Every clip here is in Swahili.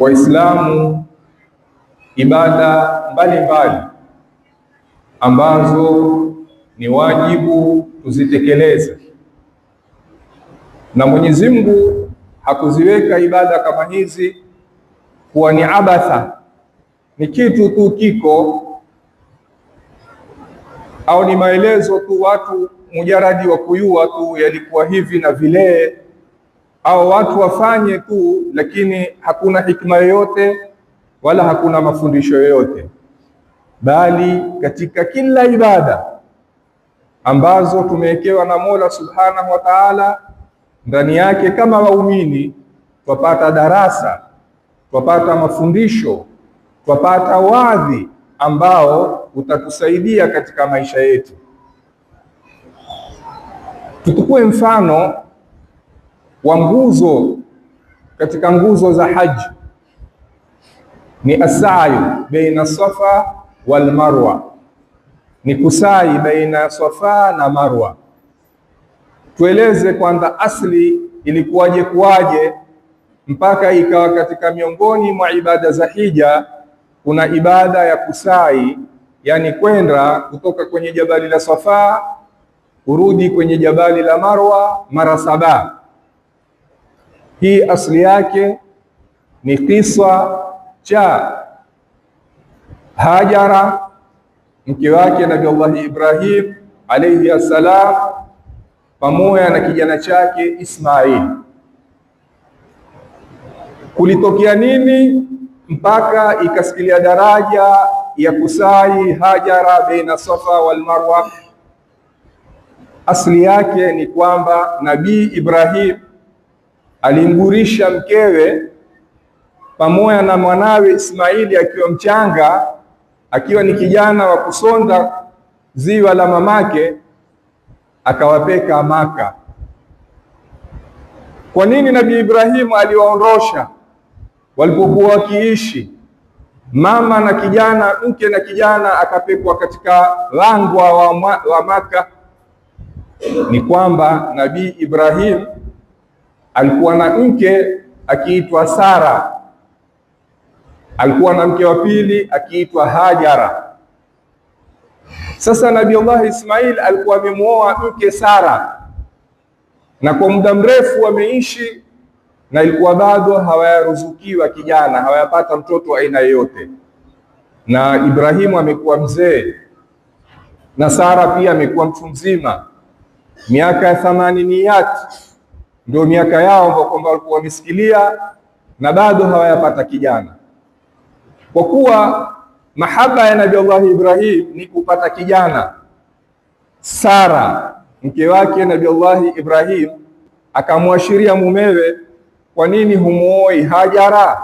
Waislamu ibada mbalimbali ambazo ni wajibu tuzitekeleze, na Mwenyezi Mungu hakuziweka ibada kama hizi kuwa ni abatha, ni kitu tu kiko au ni maelezo tu, watu mujaradi wa kuyua tu yalikuwa hivi na vile au watu wafanye tu, lakini hakuna hikma yoyote wala hakuna mafundisho yoyote, bali katika kila ibada ambazo tumewekewa na Mola Subhanahu wa Ta'ala, ndani yake kama waumini twapata darasa, twapata mafundisho, twapata wadhi ambao utatusaidia katika maisha yetu. Tuchukue mfano wa nguzo katika nguzo za haji ni asayu baina safa wal marwa, ni kusai baina safa na marwa. Tueleze kwanza asli ilikuwaje kuwaje mpaka ikawa katika miongoni mwa ibada za hija kuna ibada ya kusai, yani kwenda kutoka kwenye jabali la Safa kurudi kwenye jabali la Marwa mara saba. Hii asili yake ni kisa cha Hajara mke wake nabi Allah Ibrahim alayhi assalam, pamoja na kijana chake Ismail. Kulitokea nini mpaka ikasikilia daraja ya kusai Hajara baina Safa wal Marwa? Asili yake ni kwamba Nabii Ibrahim alimgurisha mkewe pamoja na mwanawe Ismaili akiwa mchanga, akiwa ni kijana wa kusonda ziwa la mamake, akawapeka Maka. Kwa nini Nabii Ibrahimu aliwaondosha walipokuwa wakiishi mama na kijana, mke na kijana, akapekwa katika langwa wa, wa Maka? Ni kwamba Nabii Ibrahimu alikuwa na mke akiitwa Sara, alikuwa na mke wa pili akiitwa Hajara. Sasa Nabii Allah Ismail alikuwa amemwoa mke Sara, na kwa muda mrefu wameishi, na ilikuwa bado hawayaruzukiwa kijana, hawayapata mtoto aina yoyote. Na Ibrahimu amekuwa mzee na Sara pia amekuwa mtu mzima, miaka ya thamanini yati ndio miaka yao ambao kwamba walikuwa wamesikilia na bado hawayapata kijana, kwa kuwa mahaba ya Nabii Allah Ibrahim ni kupata kijana. Sara mke wake Nabii Allah Ibrahim akamwashiria mumewe, kwa nini humuoi Hajara?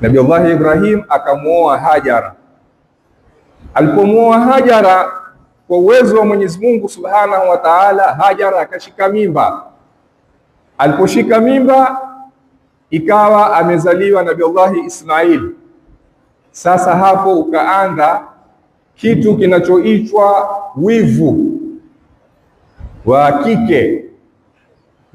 Nabii Allah Ibrahim akamwoa Hajara. alipomuoa Hajara kwa uwezo wa Mwenyezi Mungu Subhanahu wa Ta'ala, Hajar akashika mimba. Aliposhika mimba ikawa amezaliwa Nabii Allah Ismail. Sasa hapo ukaanza kitu kinachoitwa wivu wa kike.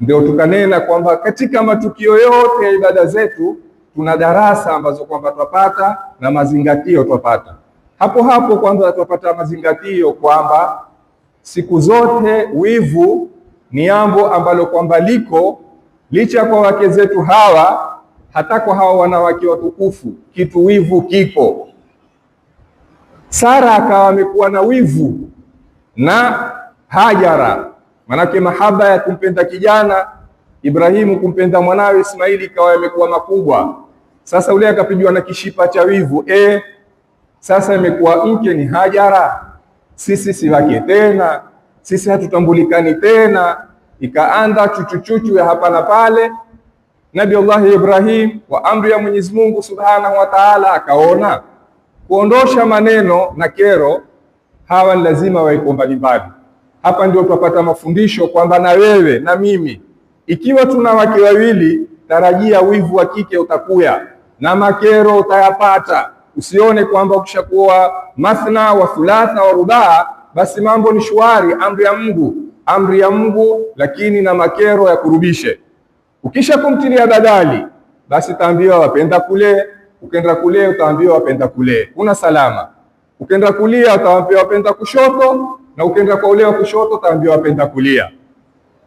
Ndio tukanena kwamba katika matukio yote ya ibada zetu tuna darasa ambazo kwamba twapata na mazingatio twapata hapo hapo kwanza tupata mazingatio kwamba siku zote wivu ni jambo ambalo kwamba liko licha kwa wake zetu hawa, hata kwa hawa wanawake watukufu, kitu wivu kiko. Sara akawa amekuwa na wivu na Hajara, manake mahaba ya kumpenda kijana Ibrahimu kumpenda mwanawe Ismaili ikawa imekuwa makubwa. Sasa ule akapigwa na kishipa cha wivu eh, sasa imekuwa mke ni Hajara, sisi si wake tena, sisi hatutambulikani tena. Ikaanza chuchuchuchu ya hapa na pale. Nabi Allah Ibrahim kwa amri ya Mwenyezi Mungu Subhanahu wa Ta'ala akaona kuondosha maneno na kero, hawa ni lazima waiko mbalimbali Hapa ndio tupata mafundisho kwamba na wewe na mimi, ikiwa tuna wake wawili, tarajia wivu wa kike utakuya na makero utayapata Usione kwamba ukishakuwa mathna wa thulatha wa rubaa basi mambo ni shwari. Amri ya Mungu, amri ya Mungu, lakini na makero ya kurubishe. Ukisha kumtilia badali, basi taambiwa wapenda kule, ukenda kule utaambiwa wapenda kule, kuna salama. Ukenda kulia utaambiwa wapenda kushoto, na ukenda kwa ule wa kushoto utaambiwa wapenda kulia.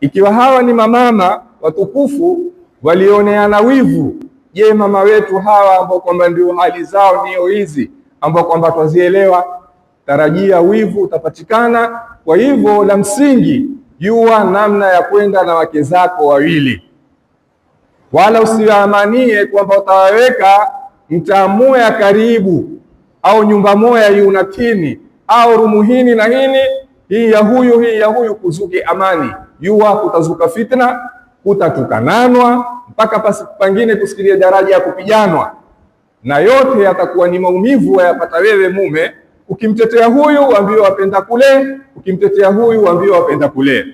Ikiwa hawa ni mamama watukufu walioneana wivu Je, mama wetu hawa ambao kwamba ndio hali zao ndio hizi ambao kwamba twazielewa, tarajia wivu utapatikana. Kwa hivyo la msingi, jua namna ya kwenda na wake zako wawili, wala usiwaamanie kwamba utawaweka mtaa moya karibu au nyumba moja yunatini au rumu hini na hini, hii ya huyu hii ya huyu, kuzuke amani. Jua kutazuka fitna, kutatukananwa mpaka pasi pangine kusikilia daraja ya kupijanwa, na yote yatakuwa ni maumivu wayapata wewe mume. Ukimtetea huyu waambiwa wapenda kule, ukimtetea huyu waambiwa wapenda kule.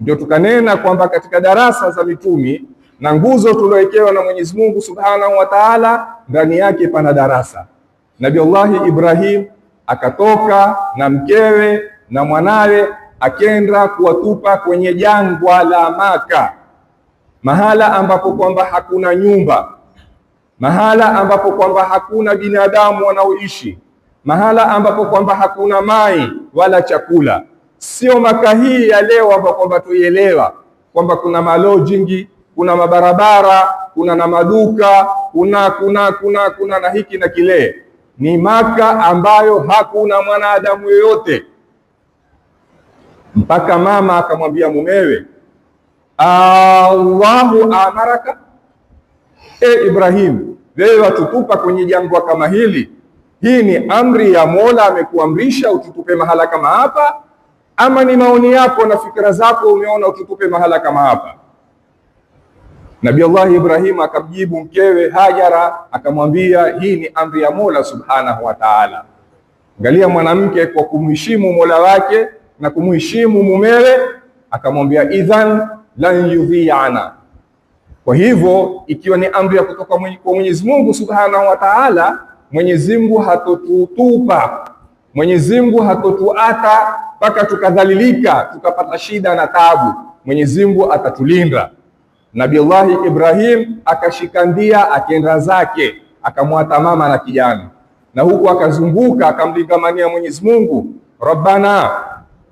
Ndio tukanena kwamba katika darasa za mitumi na nguzo tuliowekewa na Mwenyezi Mungu Subhanahu wa Ta'ala, ndani yake pana darasa. Nabii Allah Ibrahim akatoka na mkewe na mwanawe akenda kuwatupa kwenye jangwa la Maka mahala ambapo kwamba hakuna nyumba, mahala ambapo kwamba hakuna binadamu wanaoishi, mahala ambapo kwamba hakuna mai wala chakula. Sio Maka hii ya leo ambapo kwamba tuielewa kwamba kuna malojingi, kuna mabarabara, kuna na maduka, kuna kuna kuna kuna na hiki na kile. Ni Maka ambayo hakuna mwanadamu yoyote, mpaka mama akamwambia mumewe Allahu amaraka, e Ibrahim, wewe watutupa kwenye jangwa kama hili? Hii ni amri ya Mola amekuamrisha ututupe mahala kama hapa, ama ni maoni yako na fikra zako, umeona ututupe mahala kama hapa? Nabi Allah Ibrahim akamjibu mkewe Hajara, akamwambia hii ni amri ya Mola subhanahu wa ta'ala. Angalia mwanamke kwa kumheshimu Mola wake na kumheshimu mumewe, akamwambia idhan lan yudhiana. Kwa hivyo ikiwa ni amri ya kutoka kwa Mwenyezi Mungu Subhanahu wa Ta'ala, Mwenyezi Mungu hatotutupa, Mwenyezi Mungu hatotuata mpaka tukadhalilika tukapata shida na taabu. Mwenyezi Mungu atatulinda. Allah Ibrahim akashika ndia akienda zake, akamwata mama na kijana, na huku akazunguka akamlingamania Mwenyezi Mungu, rabbana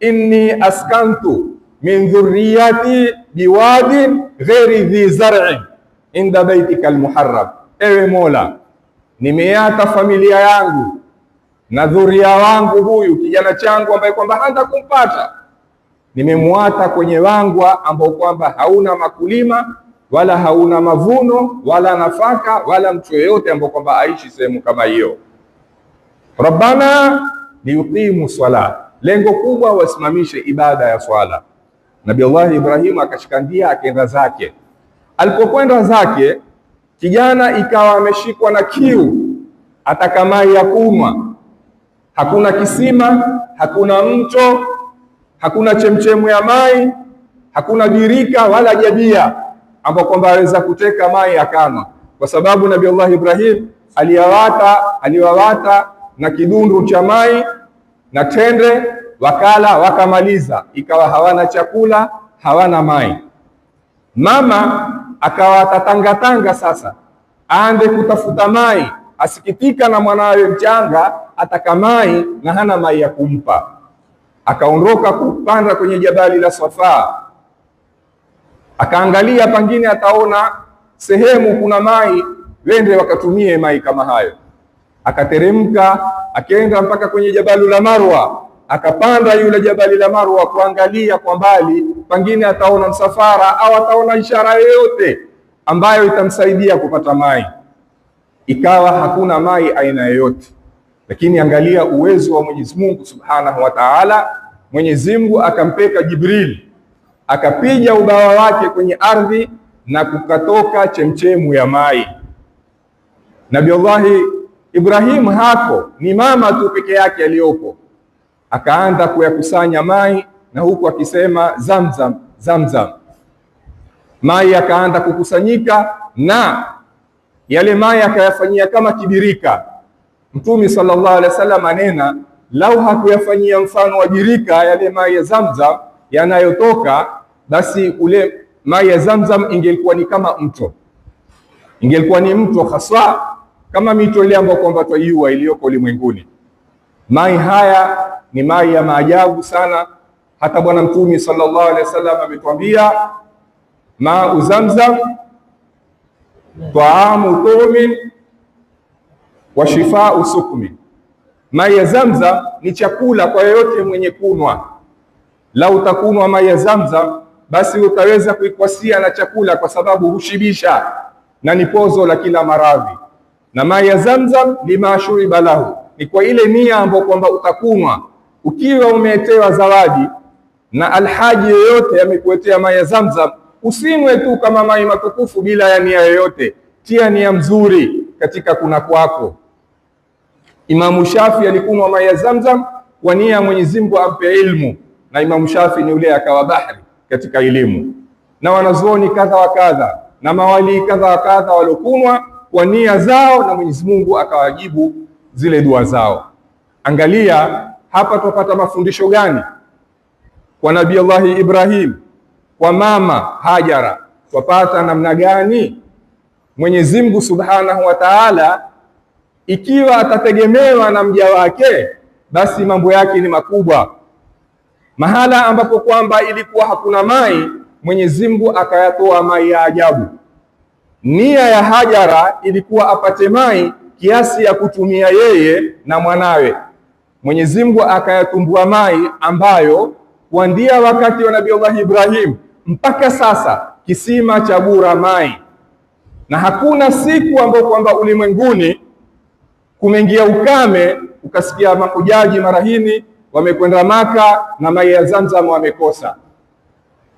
inni askantu min dhurriyati biwadin ghairi dhi zar'in inda baitika almuharram, ewe Mola, nimeata familia yangu na dhuria wangu, huyu kijana changu ambaye kwamba hata kumpata nimemwata kwenye wangwa ambao kwamba hauna makulima wala hauna mavuno wala nafaka wala mtu yoyote ambao kwamba aishi sehemu kama hiyo. Rabbana liyuqimu swala, lengo kubwa wasimamishe ibada ya swala. Nabiullahi Ibrahimu akashika ndia akaenda zake. Alipokwenda zake, kijana ikawa ameshikwa na kiu, ataka maji ya kunywa. Hakuna kisima, hakuna mto, hakuna chemchemu ya maji, hakuna birika wala jabia ambapo kwamba aweza kuteka maji akanywa, kwa sababu Nabiullah Ibrahim aliyawata aliwawata na kidundu cha maji na tende wakala wakamaliza, ikawa hawana chakula hawana mai. Mama akawa atatangatanga sasa, aende kutafuta mai, asikitika na mwanawe mchanga ataka mai na hana mai ya kumpa. Akaondoka kupanda kwenye jabali la Safa, akaangalia pangine ataona sehemu kuna mai, wende wakatumie mai kama hayo. Akateremka akaenda mpaka kwenye jabalu la Marwa akapanda yule jabali la Marwa kuangalia kwa mbali, pengine ataona msafara au ataona ishara yoyote ambayo itamsaidia kupata mai. Ikawa hakuna mai aina yoyote, lakini angalia uwezo wa Mwenyezi Mungu Subhanahu wa Ta'ala. Mwenyezi Mungu akampeka Jibril, akapiga ubawa wake kwenye ardhi na kukatoka chemchemu ya mai. Nabii Allah Ibrahim hako ni mama tu peke yake aliyopo akaanza kuyakusanya mai na huku akisema Zamzam, Zamzam. Mai akaanza kukusanyika na yale mai akayafanyia kama kibirika. Mtume sallallahu alaihi wasallam anena, lau hakuyafanyia mfano wa birika yale mai ya Zamzam yanayotoka, basi ule mai ya Zamzam ingelikuwa ni kama mto, ingelikuwa ni mto haswa kama mito ile ambayo kwamba twaiua iliyoko ulimwenguni. Mai haya ni mai ya maajabu sana. Hata Bwana Mtume sallallahu alaihi wasallam ametuambia mau zamzam taamu tumin wa shifau sukmin, mai ya zamzam ni chakula kwa yeyote mwenye kunwa. Lau utakunwa mai ya zamzam, basi utaweza kuikwasia na chakula, kwa sababu hushibisha na ni pozo la kila maradhi. Na mai ya zamzam lima shuriba lahu, ni kwa ile nia ambayo kwamba utakunwa ukiwa umetewa zawadi na alhaji yoyote amekuletea maji ya Zamzam, usinywe tu kama maji matukufu bila ya nia yoyote. Tia nia mzuri katika kuna kwako. Imamu Shafi alikunywa maji ya Zamzam kwa nia ya Mwenyezi Mungu ampe ilmu, na Imamu Shafi ni yule akawa bahari katika elimu, na wanazuoni kadha wa kadha na mawalii kadha wa kadha waliokunwa kwa nia zao, na Mwenyezi Mungu akawajibu zile dua zao. Angalia hapa twapata mafundisho gani? Kwa Nabii Allahi Ibrahim, kwa mama Hajara twapata namna gani? Mwenyezi Mungu Subhanahu wa Ta'ala, ikiwa atategemewa na mja wake, basi mambo yake ni makubwa. Mahala ambapo kwamba ilikuwa hakuna mai, Mwenyezi Mungu akayatoa mai ya ajabu. Nia ya Hajara ilikuwa apate mai kiasi ya kutumia yeye na mwanawe Mwenyezi Mungu akayatumbua mai ambayo kuandia wakati wa Allah Ibrahim mpaka sasa kisima cha bura mai, na hakuna siku ambayo kwamba ulimwenguni kumeingia ukame ukasikia mahujaji marahini wamekwenda Maka na mai ya Zamzam wamekosa.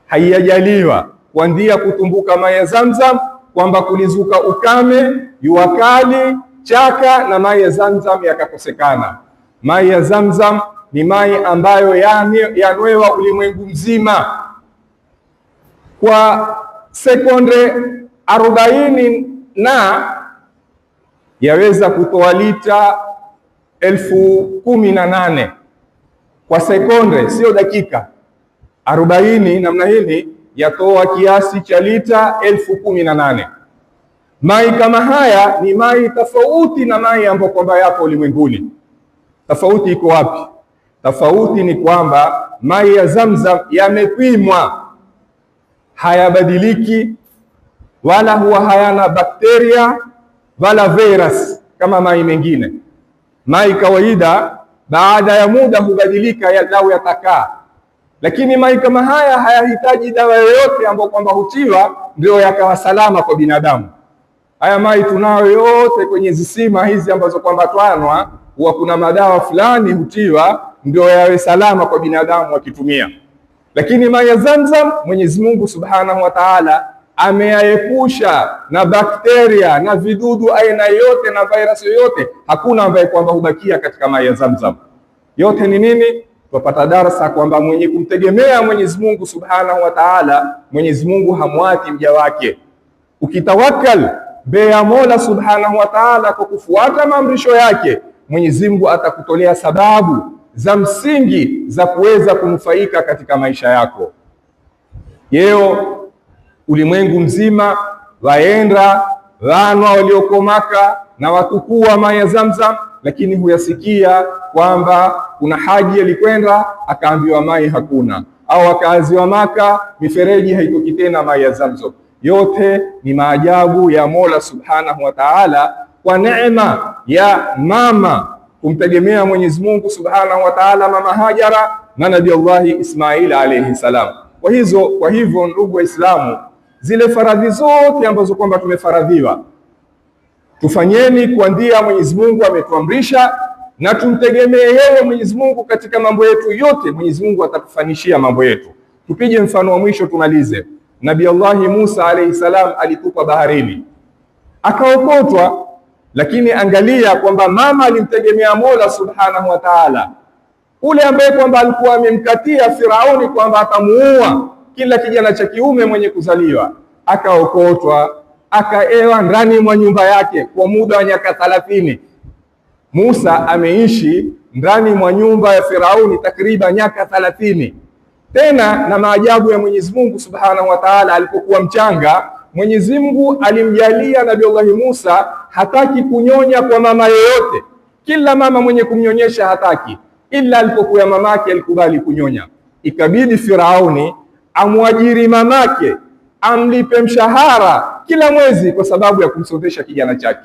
Haijajaliwa kuandia kutumbuka mai ya Zamzam kwamba kulizuka ukame, jua kali, chaka na mai ya Zamzam yakakosekana. Mai ya Zamzam ni mai ambayo yanwewa ulimwengu mzima kwa sekunde arobaini na yaweza kutoa lita elfu kumi na nane kwa sekunde, sio dakika arobaini. Namna hili yatoa kiasi cha lita elfu kumi na nane. Mai kama haya ni mai tofauti na mai ambayo kwamba yapo ulimwenguni. Tofauti iko wapi? Tofauti ni kwamba mai ya Zamzam yamepimwa, hayabadiliki wala huwa hayana bakteria wala virus kama mai mengine. Mai kawaida baada ya muda hubadilika lau yatakaa, lakini mai kama haya hayahitaji dawa yoyote ambayo kwamba hutiwa ndio yakawa salama kwa binadamu. Haya mai tunayo yote kwenye zisima hizi ambazo kwamba twanwa huwa kuna madawa fulani hutiwa ndio yawe salama kwa binadamu wakitumia, lakini maji ya Zamzam Mwenyezi Mungu Subhanahu wa Ta'ala ameyaepusha na bakteria na vidudu aina yote na virus yoyote, hakuna ambaye kwamba hubakia katika maji ya Zamzam. Yote ni nini? Tupata darsa kwamba mwenye kumtegemea Mwenyezi Mungu Subhanahu wa Ta'ala, Mwenyezi Mungu hamwati mja wake. Ukitawakal bea ya Mola Subhanahu wa Ta'ala kwa kufuata maamrisho yake Mwenyezi Mungu atakutolea sababu za msingi za kuweza kunufaika katika maisha yako. Leo ulimwengu mzima waenda wanwa waliokomaka na watukua maya ya Zamzam, lakini huyasikia kwamba kuna haji alikwenda akaambiwa maji hakuna, au wakazi wa Maka mifereji haitoki tena mai ya Zamzam. Yote ni maajabu ya Mola Subhanahu wa Ta'ala kwa neema ya mama kumtegemea Mwenyezi Mungu Subhanahu wa Ta'ala, mama Hajara na Nabii Allah Ismail alayhi salam. Kwa hizo kwa hivyo, ndugu Waislamu, zile faradhi zote ambazo kwamba tumefaradhiwa tufanyeni kwa ndia Mwenyezi Mungu ametuamrisha, na tumtegemee yeye Mwenyezi Mungu katika mambo yetu yote. Mwenyezi Mungu atatufanishia mambo yetu. Tupige mfano wa mwisho tumalize. Nabii Allah Musa alayhi salam alitupwa baharini akaokotwa lakini angalia kwamba mama alimtegemea Mola subhanahu wa taala, ule ambaye kwamba alikuwa amemkatia Firauni kwamba atamuua kila kijana cha kiume mwenye kuzaliwa, akaokotwa akaewa ndani mwa nyumba yake kwa muda wa miaka thalathini. Musa ameishi ndani mwa nyumba ya Firauni takriban miaka thalathini. Tena na maajabu ya Mwenyezi Mungu subhanahu wa taala, alipokuwa mchanga Mwenyezi Mungu alimjalia Allah Musa hataki kunyonya kwa mama yoyote kila mama mwenye kumnyonyesha hataki, ila alipokuwa mamake alikubali kunyonya. Ikabidi Firauni amwajiri mamake, amlipe mshahara kila mwezi kwa sababu ya kumsomesha kijana chake.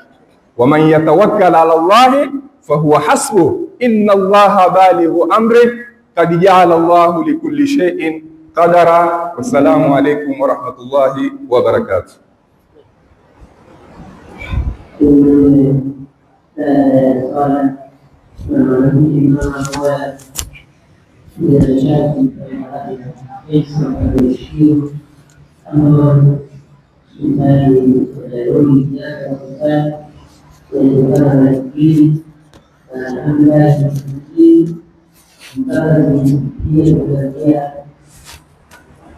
Waman yatawakkal ala llahi fahuwa hasbu inna llaha balighu amrih kad jaala llahu likulli shay'in قدر والسلام عليكم ورحمة الله وبركاته قال Thank you.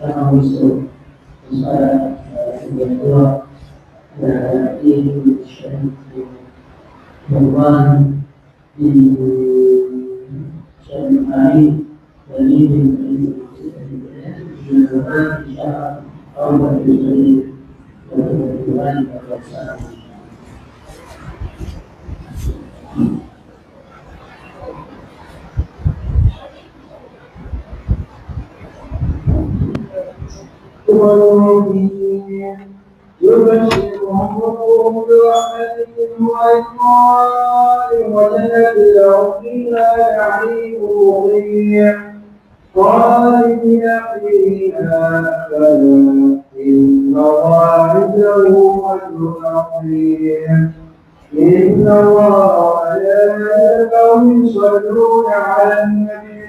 karena musuh masalah kedua ini syarif Tuhan di syarifai dan ini Tuhan insya Allah diberi Tuhan dan Tuhan Thank you. يبشرهم برحمة وإكرار وجنة لهم فيها نعيم مقيم خالدين فيها أبدا إن موعده وجه عظيم إن الله لا يلقى يصلون على النبي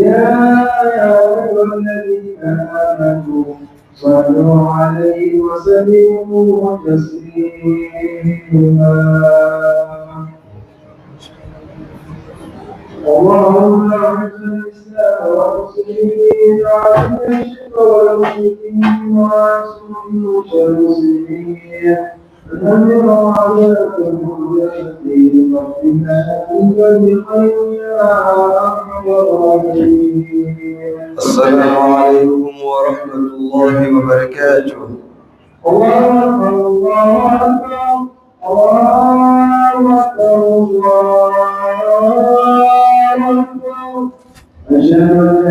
يا أيها الذين آمنوا صلوا عليه وسلموا تسليما اللهم اعز الاسلام والمسلمين وعلى الشرك والمشركين وعلى المسلمين السلام عليكم ورحمة الله وبركاته الله أكبر الله أكبر الله أكبر الله أشهد أن لا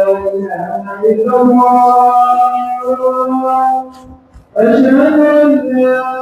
إله إلا الله أشهد أن لا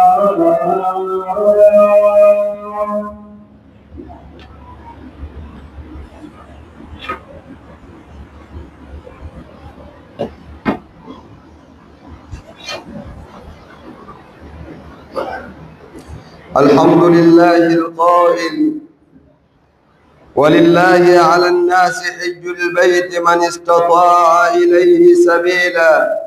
الحمد لله القائل ولله على الناس حج البيت من استطاع إليه سبيلاً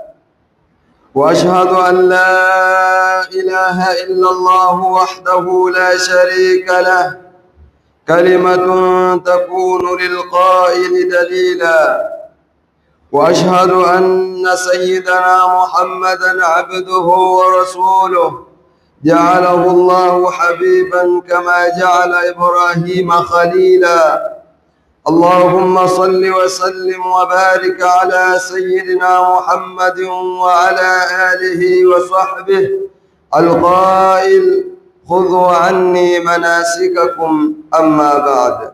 واشهد ان لا اله الا الله وحده لا شريك له كلمه تكون للقائل دليلا واشهد ان سيدنا محمدا عبده ورسوله جعله الله حبيبا كما جعل ابراهيم خليلا اللهم صل وسلم وبارك على سيدنا محمد وعلى آله وصحبه القائل خذوا عني مناسككم أما بعد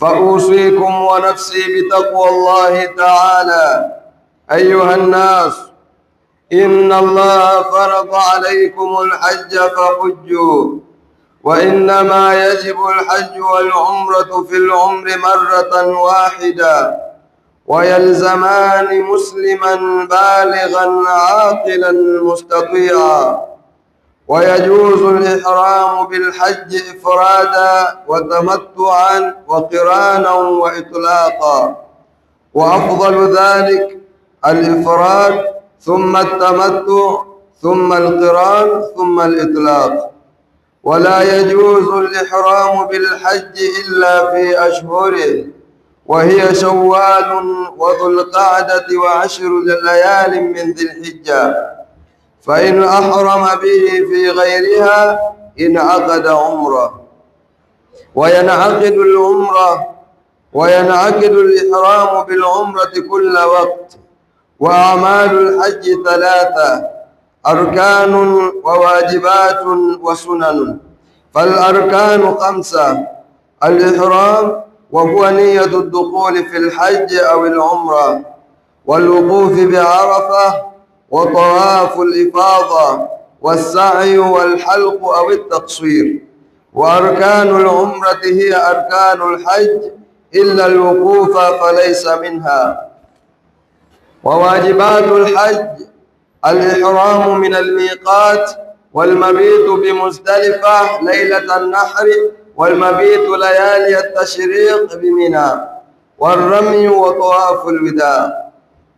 فأوصيكم ونفسي بتقوى الله تعالى أيها الناس إن الله فرض عليكم الحج فحجوا وإنما يجب الحج والعمرة في العمر مرة واحدة ويلزمان مسلما بالغا عاقلا مستطيعا ويجوز الإحرام بالحج إفرادا وتمتعا وقرانا وإطلاقا وأفضل ذلك الإفراد ثم التمتع ثم القران ثم الإطلاق ولا يجوز الإحرام بالحج إلا في أشهره وهي شوال وذو القعدة وعشر ليال من ذي الحجة فإن أحرم به في غيرها انعقد عمره وينعقد العمرة وينعقد الإحرام بالعمرة كل وقت وأعمال الحج ثلاثة أركان وواجبات وسنن فالأركان خمسة الإحرام وهو نية الدخول في الحج أو العمرة والوقوف بعرفة وطواف الإفاضة والسعي والحلق أو التقصير وأركان العمرة هي أركان الحج إلا الوقوف فليس منها وواجبات الحج الإحرام من الميقات والمبيت بمزدلفة ليلة النحر والمبيت ليالي التشريق بمنى والرمي وطواف الوداع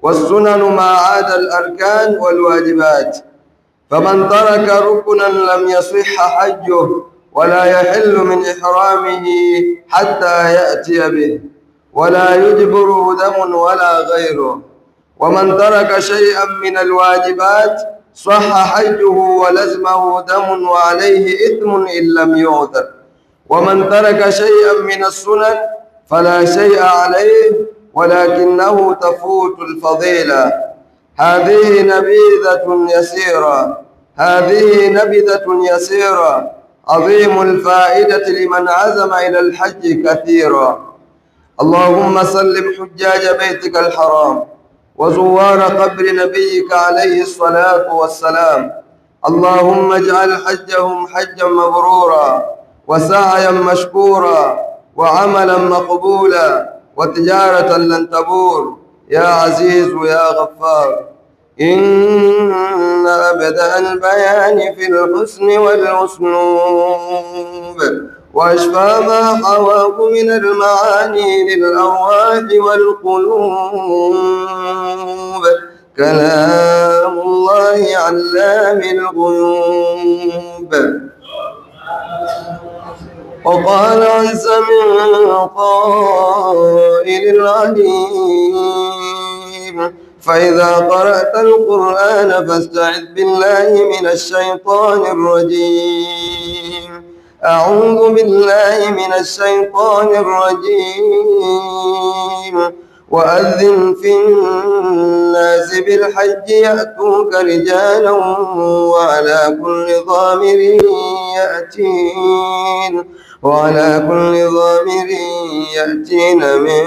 والسنن ما عاد الأركان والواجبات فمن ترك ركنا لم يصح حجه ولا يحل من إحرامه حتى يأتي به ولا يجبره دم ولا غيره ومن ترك شيئا من الواجبات صح حجه ولزمه دم وعليه إثم إن لم يعذر ومن ترك شيئا من السنن فلا شيء عليه ولكنه تفوت الفضيلة هذه نبيذة يسيرة هذه نبذة يسيرة عظيم الفائدة لمن عزم إلى الحج كثيرا اللهم سلم حجاج بيتك الحرام وزوار قبر نبيك عليه الصلاة والسلام اللهم اجعل حجهم حجا مبرورا وسعيا مشكورا وعملا مقبولا وتجارة لن تبور يا عزيز يا غفار إن أبدأ البيان في الحسن والأسلوب وأشفى ما حواه من المعاني للأرواح والقلوب كلام الله علام الغيوب وقال عز من قائل عليم فإذا قرأت القرآن فاستعذ بالله من الشيطان الرجيم أعوذ بالله من الشيطان الرجيم وأذن في الناس بالحج يأتوك رجالا وعلى كل ضامر يأتين وعلى كل ضامر يأتين من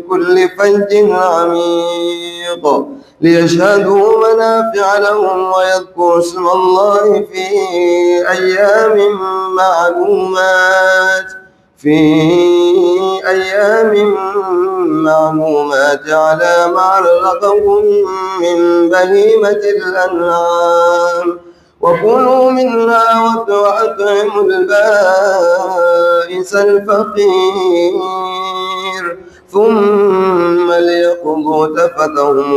كل فج عميق ليشهدوا منافع لهم ويذكروا اسم الله في أيام معلومات في أيام معلومات على ما رزقهم من بهيمة الأنعام وكلوا منها وأطعموا البائس الفقير ثم ليقضوا تفتهم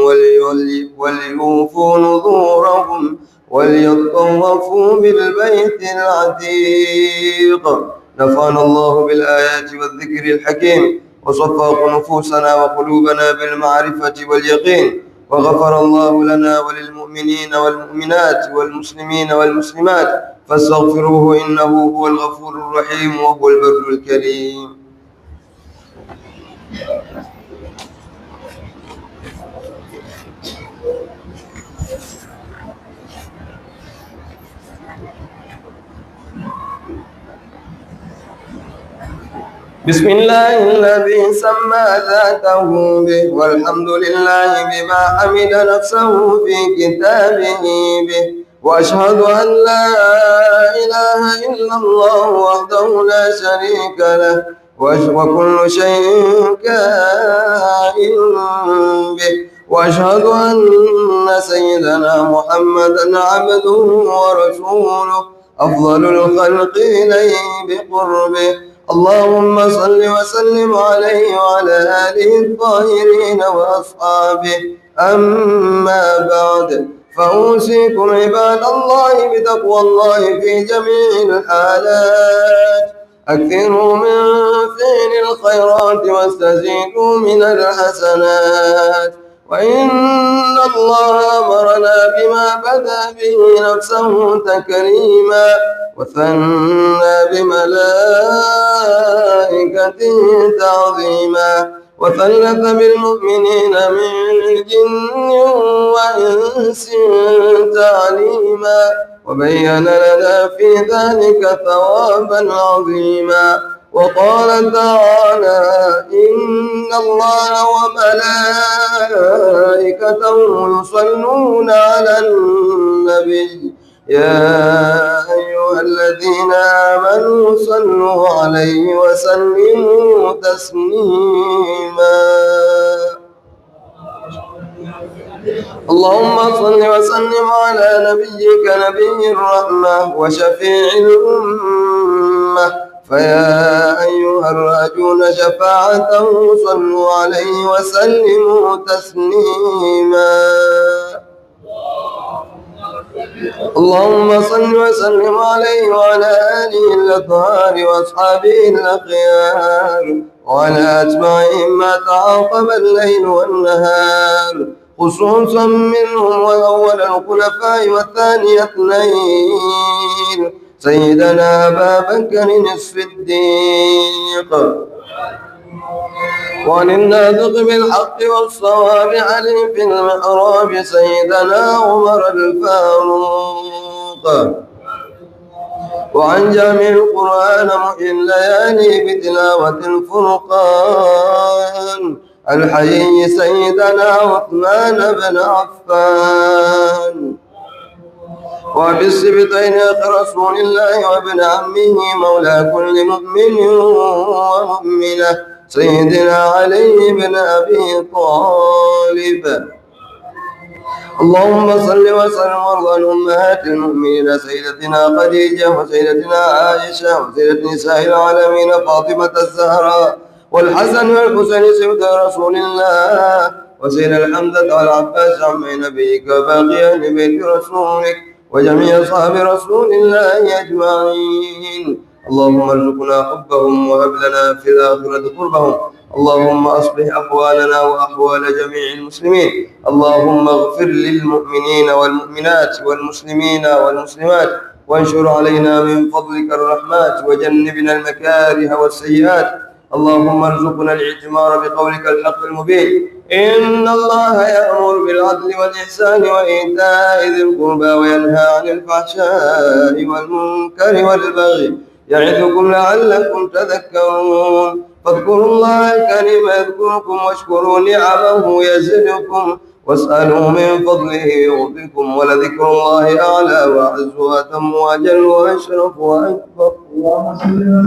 وليوفوا نذورهم وليطوفوا بالبيت العتيق نفعنا الله بالآيات والذكر الحكيم وصفق نفوسنا وقلوبنا بالمعرفة واليقين وغفر الله لنا وللمؤمنين والمؤمنات والمسلمين والمسلمات فاستغفروه إنه هو الغفور الرحيم وهو البر الكريم بسم الله الذي سمى ذاته به والحمد لله بما حمد نفسه في كتابه به وأشهد أن لا إله إلا الله وحده لا شريك له وكل شيء كائن به واشهد ان سيدنا محمدا عبده ورسوله افضل الخلق اليه بقربه اللهم صل وسلم عليه وعلى اله الطاهرين واصحابه اما بعد فاوصيكم عباد الله بتقوى الله في جميع الحالات أكثروا من فعل الخيرات واستزيدوا من الحسنات وإن الله أمرنا بما بدا به نفسه تكريما وثنى بملائكته تعظيما وثلث بالمؤمنين من جن وإنس تعليما وبين لنا في ذلك ثوابا عظيما وقال تعالى إن الله وملائكته يصلون على النبي يا أيها الذين آمنوا صلوا عليه وسلموا تسليما اللهم صل وسلم على نبيك نبي الرحمة وشفيع الأمة فيا أيها الراجون شفاعته صلوا عليه وسلموا تسليما اللهم صل وسلم عليه وعلى آله الأطهار وأصحابه الأخيار وعلى أتباعهم ما تعاقب الليل والنهار خصوصا منهم وأول الخلفاء والثاني اثنين سيدنا أبا بكر الصديق وللناطق بالحق والصواب علي في المحراب سيدنا عمر الفاروق وعن جميع القرآن مهم لياني بتلاوة الفرقان الحي سيدنا عثمان بن عفان وبالسبتين رسول الله وابن عمه مولى كل مؤمن ومؤمنه سيدنا علي بن أبي طالب اللهم صل وسلم وارض عن امهات المؤمنين سيدتنا خديجه وسيدتنا عائشه وسيدت نساء العالمين فاطمه الزهراء والحسن والحسين سيد رسول الله وسيد الحمزه والعباس عم نبيك اهل بيت رسولك وجميع اصحاب رسول الله اجمعين اللهم ارزقنا حبهم وهب لنا في الآخرة قربهم اللهم أصلح أقوالنا وأقوال جميع المسلمين اللهم اغفر للمؤمنين والمؤمنات والمسلمين والمسلمات وانشر علينا من فضلك الرحمات وجنبنا المكاره والسيئات اللهم ارزقنا الاعتمار بقولك الحق المبين إن الله يأمر بالعدل والإحسان وإيتاء ذي القربى وينهى عن الفحشاء والمنكر والبغي يعدكم لعلكم تذكرون فاذكروا الله الكريم يذكركم واشكروا نعمه يزدكم واسألوا من فضله يغفركم ولذكر الله أعلى وأعز وأتم وأجل وأشرف وأكبر